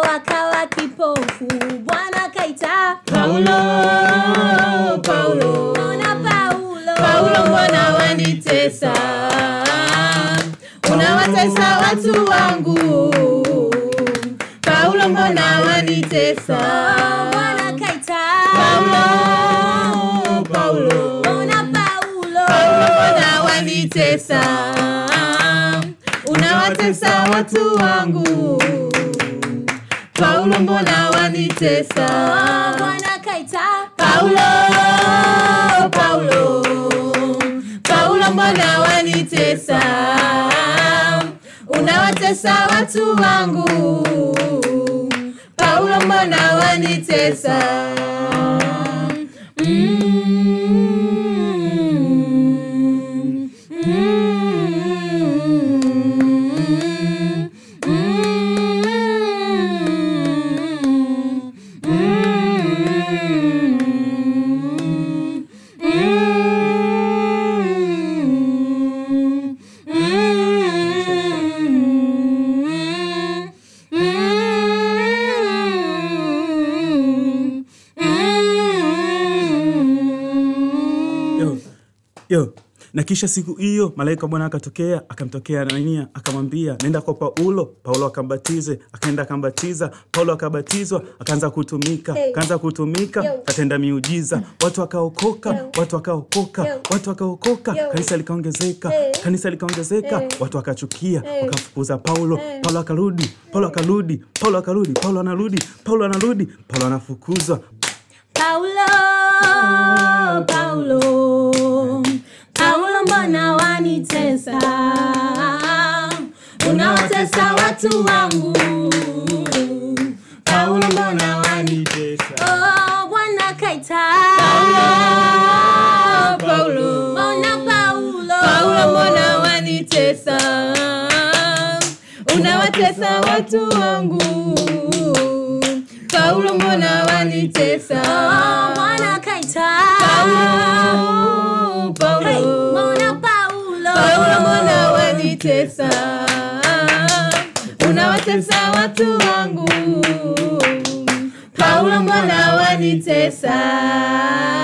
hapo akawa kipofu, Bwana kaita Paulo, Paulo, ona Paulo, Paulo, mbona wanitesa? Unawatesa watu wangu, Paulo, mbona wanitesa? Bwana kaita Paulo, Paulo, ona Paulo, Paulo, mbona wanitesa? Unawatesa watu wangu paulo mbona wanitesa bwana kaita paulo paulo paulo mbona wanitesa unawatesa watu wangu paulo mbona wanitesa yo na kisha siku hiyo malaika Bwana akatokea akamtokea Anania akamwambia, nenda kwa Paulo. Paulo akambatize, akaenda akambatiza. Paulo akabatizwa, akaanza kutumika, akaanza kutumika, katenda miujiza, watu wakaokoka, watu wakaokoka, watu wakaokoka, kanisa likaongezeka, kanisa likaongezeka. Watu wakachukia, wakafukuza Paulo. Paulo akarudi, Paulo akarudi, Paulo akarudi, Paulo anarudi, Paulo anarudi, Paulo anafukuzwa, Paulo, Paulo unanitesa, oh, unawatesa watu wangu. Paulo, mbona wanitesa? Oh, Bwana kaita Paulo, mbona Paulo, Paulo, mbona wanitesa? Unawatesa watu wangu. Paulo, mbona wanitesa? Oh, Bwana kaita Paulo Pesa, unawatesa watu wangu paulo mwana wanitesa